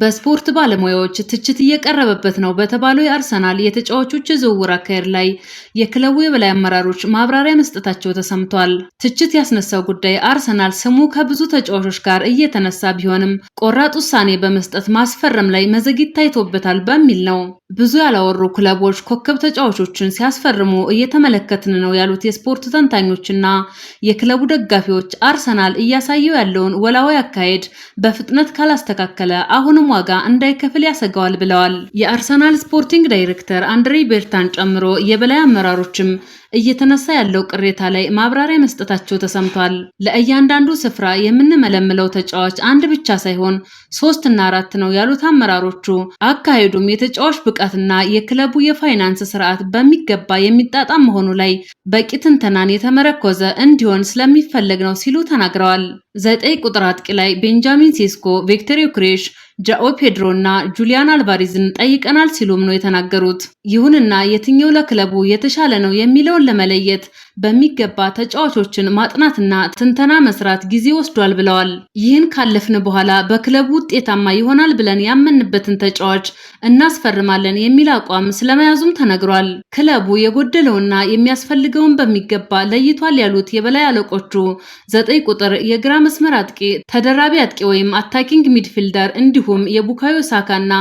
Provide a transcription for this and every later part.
በስፖርት ባለሙያዎች ትችት እየቀረበበት ነው በተባለው የአርሰናል የተጫዋቾች ዝውውር አካሄድ ላይ የክለቡ የበላይ አመራሮች ማብራሪያ መስጠታቸው ተሰምቷል። ትችት ያስነሳው ጉዳይ አርሰናል ስሙ ከብዙ ተጫዋቾች ጋር እየተነሳ ቢሆንም ቆራጥ ውሳኔ በመስጠት ማስፈረም ላይ መዘግየት ታይቶበታል በሚል ነው። ብዙ ያላወሩ ክለቦች ኮከብ ተጫዋቾችን ሲያስፈርሙ እየተመለከትን ነው ያሉት የስፖርት ተንታኞችና የክለቡ ደጋፊዎች አርሰናል እያሳየው ያለውን ወላዋይ አካሄድ በፍጥነት ካላስተካከለ አሁን ማንም ዋጋ እንዳይከፍል ያሰጋዋል ብለዋል። የአርሰናል ስፖርቲንግ ዳይሬክተር አንድሬ ቤርታን ጨምሮ የበላይ አመራሮችም እየተነሳ ያለው ቅሬታ ላይ ማብራሪያ መስጠታቸው ተሰምቷል። ለእያንዳንዱ ስፍራ የምንመለምለው ተጫዋች አንድ ብቻ ሳይሆን ሶስት እና አራት ነው ያሉት አመራሮቹ አካሄዱም የተጫዋች ብቃትና የክለቡ የፋይናንስ ስርዓት በሚገባ የሚጣጣም መሆኑ ላይ በቂ ትንተናን የተመረኮዘ እንዲሆን ስለሚፈለግ ነው ሲሉ ተናግረዋል። ዘጠኝ ቁጥር አጥቂ ላይ ቤንጃሚን ሴስኮ፣ ቪክተር ዩክሬሽ፣ ጃኦ ፔድሮ እና ጁሊያን አልቫሬዝን ጠይቀናል ሲሉም ነው የተናገሩት። ይሁንና የትኛው ለክለቡ የተሻለ ነው የሚለው ለመለየት በሚገባ ተጫዋቾችን ማጥናትና ትንተና መስራት ጊዜ ወስዷል ብለዋል። ይህን ካለፍን በኋላ በክለቡ ውጤታማ ይሆናል ብለን ያመንበትን ተጫዋች እናስፈርማለን የሚል አቋም ስለመያዙም ተነግሯል። ክለቡ የጎደለውና የሚያስፈልገውን በሚገባ ለይቷል ያሉት የበላይ አለቆቹ ዘጠኝ ቁጥር የግራ መስመር አጥቂ፣ ተደራቢ አጥቂ ወይም አታኪንግ ሚድፊልደር እንዲሁም የቡካዮ ሳካና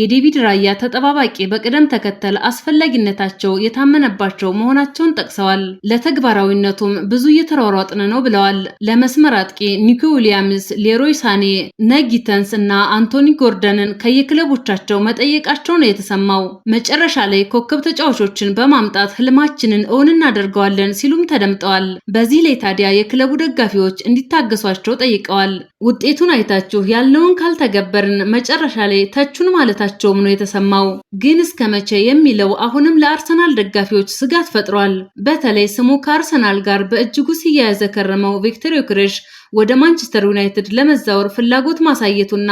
የዴቪድ ራያ ተጠባባቂ በቅደም ተከተል አስፈላጊነታቸው የታመነባቸው መሆናቸውን ጠቅሰዋል። ለተግባራዊነቱም ብዙ እየተሯሯጥን ነው ብለዋል። ለመስመር አጥቂ ኒኮ ዊሊያምስ፣ ሌሮይ ሳኔ፣ ነጊተንስ እና አንቶኒ ጎርደንን ከየክለቦቻቸው መጠየቃቸው ነው የተሰማው። መጨረሻ ላይ ኮከብ ተጫዋቾችን በማምጣት ህልማችንን እውን እናደርገዋለን ሲሉም ተደምጠዋል። በዚህ ላይ ታዲያ የክለቡ ደጋፊዎች እንዲታገሷቸው ጠይቀዋል። ውጤቱን አይታችሁ ያለውን ካልተገበርን መጨረሻ ላይ ተቹን ማለታቸውም ነው የተሰማው። ግን እስከ መቼ የሚለው አሁንም ለአርሰናል ደጋፊዎች ስጋት ፈጥሯል። በተለይ ስሙ ከአርሰናል ጋር በእጅጉ ሲያያዘ ከረመው ቪክቶር ዮክሬሽ ወደ ማንቸስተር ዩናይትድ ለመዛወር ፍላጎት ማሳየቱና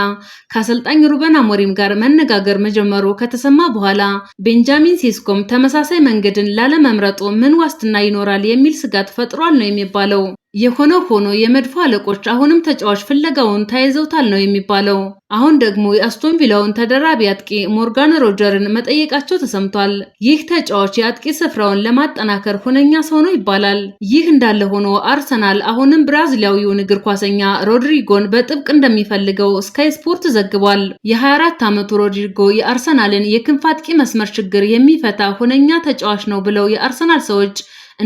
ከአሰልጣኝ ሩበን አሞሪም ጋር መነጋገር መጀመሩ ከተሰማ በኋላ ቤንጃሚን ሴስኮም ተመሳሳይ መንገድን ላለመምረጡ ምን ዋስትና ይኖራል የሚል ስጋት ፈጥሯል ነው የሚባለው። የሆነ ሆኖ የመድፎ አለቆች አሁንም ተጫዋች ፍለጋውን ተያይዘውታል ነው የሚባለው። አሁን ደግሞ የአስቶን ቪላውን ተደራቢ አጥቂ ሞርጋን ሮጀርን መጠየቃቸው ተሰምቷል። ይህ ተጫዋች የአጥቂ ስፍራውን ለማጠናከር ሁነኛ ሰው ነው ይባላል። ይህ እንዳለ ሆኖ አርሰናል አሁንም ብራዚሊያዊውን እግር ኳሰኛ ሮድሪጎን በጥብቅ እንደሚፈልገው ስካይ ስፖርት ዘግቧል። የ24 ዓመቱ ሮድሪጎ የአርሰናልን የክንፍ አጥቂ መስመር ችግር የሚፈታ ሁነኛ ተጫዋች ነው ብለው የአርሰናል ሰዎች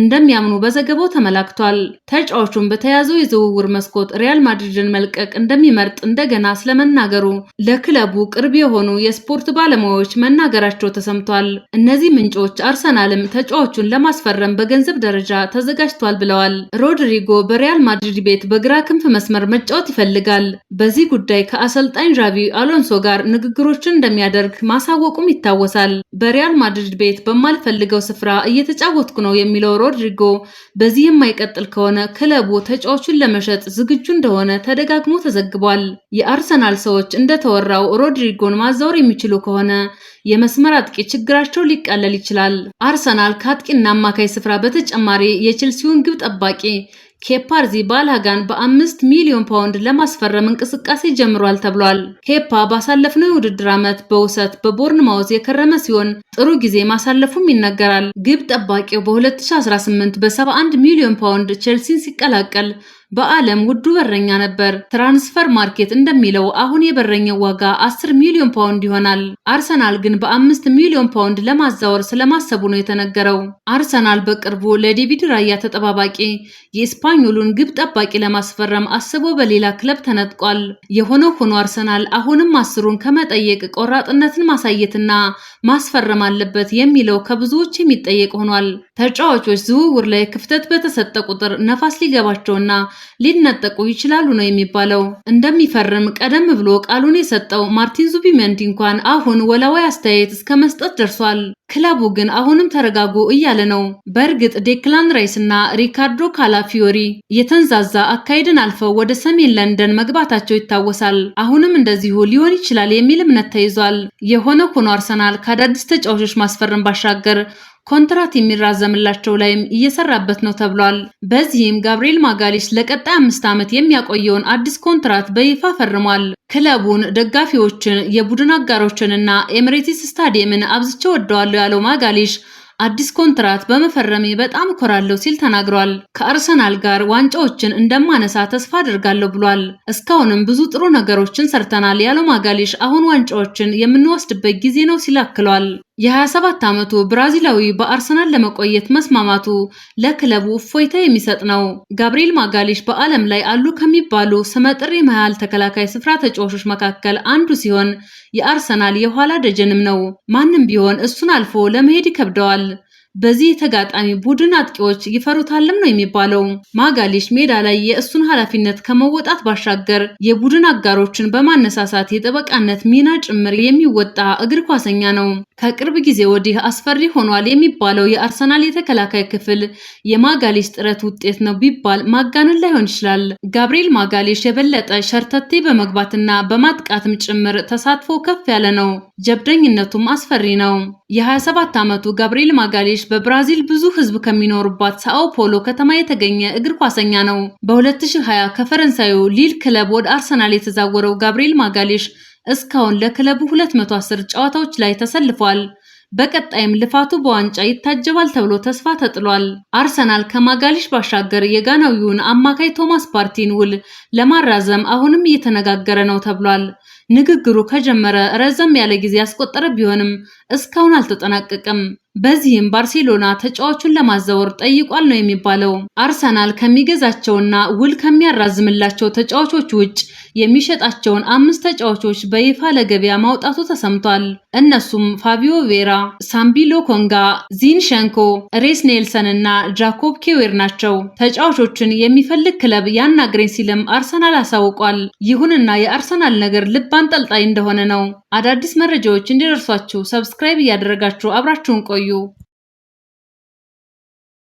እንደሚያምኑ በዘገባው ተመላክቷል። ተጫዋቹም በተያዘው የዝውውር መስኮት ሪያል ማድሪድን መልቀቅ እንደሚመርጥ እንደገና ስለመናገሩ ለክለቡ ቅርብ የሆኑ የስፖርት ባለሙያዎች መናገራቸው ተሰምቷል። እነዚህ ምንጮች አርሰናልም ተጫዋቹን ለማስፈረም በገንዘብ ደረጃ ተዘጋጅቷል ብለዋል። ሮድሪጎ በሪያል ማድሪድ ቤት በግራ ክንፍ መስመር መጫወት ይፈልጋል። በዚህ ጉዳይ ከአሰልጣኝ ዣቪ አሎንሶ ጋር ንግግሮችን እንደሚያደርግ ማሳወቁም ይታወሳል። በሪያል ማድሪድ ቤት በማልፈልገው ስፍራ እየተጫወትኩ ነው የሚለው ሮድሪጎ በዚህ የማይቀጥል ከሆነ ክለቡ ተጫዋቹን ለመሸጥ ዝግጁ እንደሆነ ተደጋግሞ ተዘግቧል። የአርሰናል ሰዎች እንደተወራው ሮድሪጎን ማዛወር የሚችሉ ከሆነ የመስመር አጥቂ ችግራቸው ሊቃለል ይችላል። አርሰናል ከአጥቂና አማካይ ስፍራ በተጨማሪ የቼልሲውን ግብ ጠባቂ ኬፓርዚ ባልሃጋን በአምስት ሚሊዮን ፓውንድ ለማስፈረም እንቅስቃሴ ጀምሯል ተብሏል። ኬፓ ባሳለፍነው የውድድር ዓመት በውሰት በቦርንማውዝ የከረመ ሲሆን ጥሩ ጊዜ ማሳለፉም ይነገራል። ግብ ጠባቂው በ2018 በ71 ሚሊዮን ፓውንድ ቼልሲን ሲቀላቀል በዓለም ውዱ በረኛ ነበር። ትራንስፈር ማርኬት እንደሚለው አሁን የበረኛው ዋጋ 10 ሚሊዮን ፓውንድ ይሆናል። አርሰናል ግን በአምስት ሚሊዮን ፓውንድ ለማዛወር ስለማሰቡ ነው የተነገረው። አርሰናል በቅርቡ ለዴቪድ ራያ ተጠባባቂ የስፓኞሉን ግብ ጠባቂ ለማስፈረም አስቦ በሌላ ክለብ ተነጥቋል። የሆነ ሆኖ አርሰናል አሁንም አስሩን ከመጠየቅ ቆራጥነትን ማሳየትና ማስፈረም አለበት የሚለው ከብዙዎች የሚጠየቅ ሆኗል። ተጫዋቾች ዝውውር ላይ ክፍተት በተሰጠ ቁጥር ነፋስ ሊገባቸውና ሊነጠቁ ይችላሉ ነው የሚባለው። እንደሚፈርም ቀደም ብሎ ቃሉን የሰጠው ማርቲን ዙቢመንዲ እንኳን አሁን ወላዋይ አስተያየት እስከ መስጠት ደርሷል። ክለቡ ግን አሁንም ተረጋጉ እያለ ነው። በእርግጥ ዴክላን ራይስ እና ሪካርዶ ካላፊዮሪ የተንዛዛ አካሄድን አልፈው ወደ ሰሜን ለንደን መግባታቸው ይታወሳል። አሁንም እንደዚሁ ሊሆን ይችላል የሚል እምነት ተይዟል። የሆነ ሆኖ አርሰናል ከአዳዲስ ተጫዋቾች ማስፈረም ባሻገር ኮንትራት የሚራዘምላቸው ላይም እየሰራበት ነው ተብሏል። በዚህም ጋብርኤል ማጋሊሽ ለቀጣይ አምስት ዓመት የሚያቆየውን አዲስ ኮንትራት በይፋ ፈርሟል። ክለቡን፣ ደጋፊዎችን፣ የቡድን አጋሮችንና ኤምሬቲስ ስታዲየምን አብዝቼ ወደዋለሁ ያለው ማጋሊሽ አዲስ ኮንትራት በመፈረሜ በጣም እኮራለሁ ሲል ተናግሯል። ከአርሰናል ጋር ዋንጫዎችን እንደማነሳ ተስፋ አድርጋለሁ ብሏል። እስካሁንም ብዙ ጥሩ ነገሮችን ሰርተናል ያለው ማጋሊሽ አሁን ዋንጫዎችን የምንወስድበት ጊዜ ነው ሲል አክሏል። የ27 ዓመቱ ብራዚላዊ በአርሰናል ለመቆየት መስማማቱ ለክለቡ እፎይታ የሚሰጥ ነው። ጋብሪኤል ማጋሌሽ በዓለም ላይ አሉ ከሚባሉ ስመጥር የመሃል ተከላካይ ስፍራ ተጫዋቾች መካከል አንዱ ሲሆን የአርሰናል የኋላ ደጀንም ነው። ማንም ቢሆን እሱን አልፎ ለመሄድ ይከብደዋል። በዚህ የተጋጣሚ ቡድን አጥቂዎች ይፈሩታልም ነው የሚባለው። ማጋሊሽ ሜዳ ላይ የእሱን ኃላፊነት ከመወጣት ባሻገር የቡድን አጋሮችን በማነሳሳት የጠበቃነት ሚና ጭምር የሚወጣ እግር ኳሰኛ ነው። ከቅርብ ጊዜ ወዲህ አስፈሪ ሆኗል የሚባለው የአርሰናል የተከላካይ ክፍል የማጋሊሽ ጥረት ውጤት ነው ቢባል ማጋነን ላይሆን ይችላል። ጋብሪኤል ማጋሊሽ የበለጠ ሸርተቴ በመግባትና በማጥቃትም ጭምር ተሳትፎ ከፍ ያለ ነው። ጀብደኝነቱም አስፈሪ ነው። የ27 ዓመቱ ጋብሪኤል ማጋሊሽ በብራዚል ብዙ ሕዝብ ከሚኖሩባት ሳኦ ፖሎ ከተማ የተገኘ እግር ኳሰኛ ነው። በ2020 ከፈረንሳዩ ሊል ክለብ ወደ አርሰናል የተዛወረው ጋብሪኤል ማጋሌሽ እስካሁን ለክለቡ 210 ጨዋታዎች ላይ ተሰልፏል። በቀጣይም ልፋቱ በዋንጫ ይታጀባል ተብሎ ተስፋ ተጥሏል። አርሰናል ከማጋሊሽ ባሻገር የጋናዊውን አማካይ ቶማስ ፓርቲን ውል ለማራዘም አሁንም እየተነጋገረ ነው ተብሏል። ንግግሩ ከጀመረ ረዘም ያለ ጊዜ ያስቆጠረ ቢሆንም እስካሁን አልተጠናቀቀም። በዚህም ባርሴሎና ተጫዋቹን ለማዘወር ጠይቋል ነው የሚባለው። አርሰናል ከሚገዛቸውና ውል ከሚያራዝምላቸው ተጫዋቾች ውጭ የሚሸጣቸውን አምስት ተጫዋቾች በይፋ ለገበያ ማውጣቱ ተሰምቷል። እነሱም ፋቢዮ ቬራ፣ ሳምቢሎ ኮንጋ፣ ዚንሸንኮ፣ ሬስ ኔልሰን እና ጃኮብ ኬዌር ናቸው። ተጫዋቾችን የሚፈልግ ክለብ ያናግረኝ ሲልም አርሰናል አሳውቋል። ይሁንና የአርሰናል ነገር ልብ አንጠልጣይ እንደሆነ ነው። አዳዲስ መረጃዎች እንዲደርሷችሁ ሰብስክራይብ እያደረጋችሁ አብራችሁን ቆዩ። you.